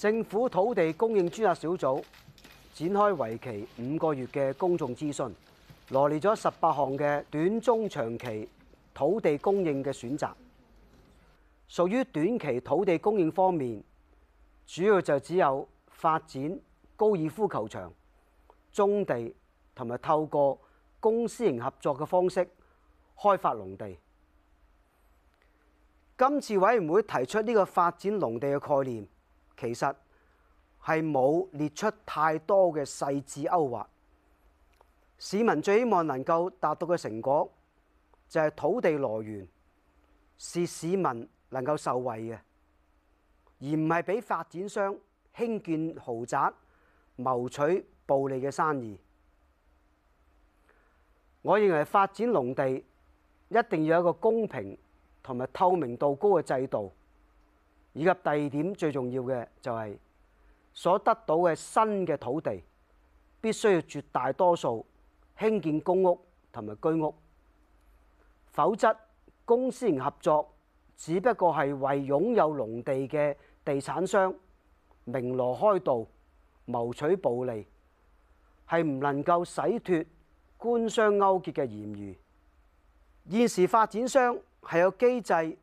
政府土地供應專責小組展開為期五個月嘅公眾諮詢，羅列咗十八項嘅短、中、長期土地供應嘅選擇。屬於短期土地供應方面，主要就只有發展高爾夫球場、棕地同埋透過公私營合作嘅方式開發農地。今次委員會提出呢個發展農地嘅概念。其實係冇列出太多嘅細緻勾畫，市民最希望能夠達到嘅成果就係土地來源是市民能夠受惠嘅，而唔係俾發展商興建豪宅謀取暴利嘅生意。我認為發展農地一定要有一個公平同埋透明度高嘅制度。以及第二點最重要嘅就係所得到嘅新嘅土地必須要絕大多數興建公屋同埋居屋，否則公私營合作只不過係為擁有農地嘅地產商鳴鑼開道，謀取暴利，係唔能夠洗脫官商勾結嘅嫌疑。現時發展商係有機制。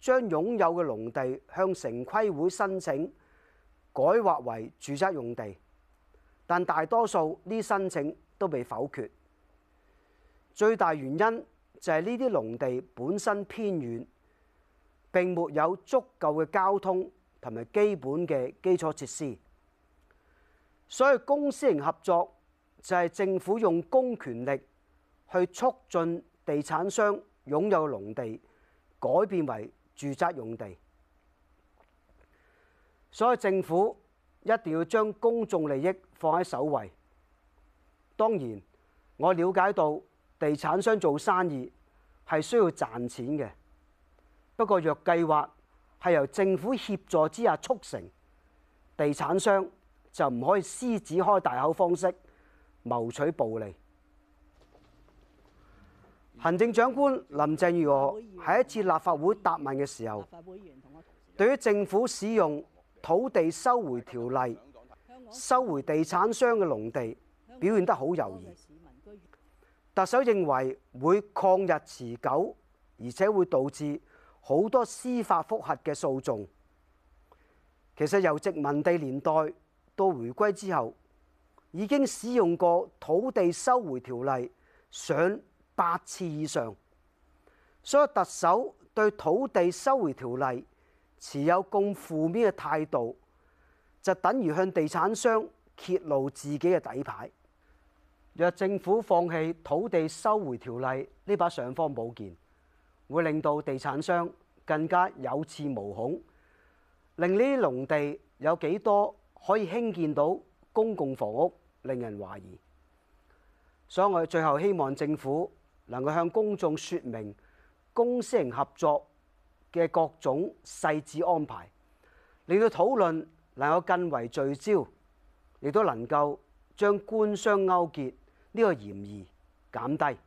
將擁有嘅農地向城規會申請改劃為住宅用地，但大多數呢啲申請都被否決。最大原因就係呢啲農地本身偏遠，並沒有足夠嘅交通同埋基本嘅基礎設施。所以公私營合作就係政府用公權力去促進地產商擁有嘅農地改變為住宅用地，所以政府一定要將公眾利益放喺首位。當然，我了解到地產商做生意係需要賺錢嘅，不過若計劃係由政府協助之下促成，地產商就唔可以獅子開大口方式謀取暴利。行政長官林鄭月娥喺一次立法會答問嘅時候，對於政府使用土地收回條例收回地產商嘅農地表現得好猶豫。特首認為會抗日持久，而且會導致好多司法複核嘅訴訟。其實由殖民地年代到回歸之後，已經使用過土地收回條例上八次以上，所以特首對土地收回條例持有咁負面嘅態度，就等於向地產商揭露自己嘅底牌。若政府放棄土地收回條例呢把尚方寶劍，會令到地產商更加有恃無恐，令呢啲農地有幾多可以興建到公共房屋，令人懷疑。所以我哋最後希望政府，能夠向公眾説明公私合作嘅各種細緻安排，令到討論能夠更為聚焦，亦都能夠將官商勾結呢個嫌疑減低。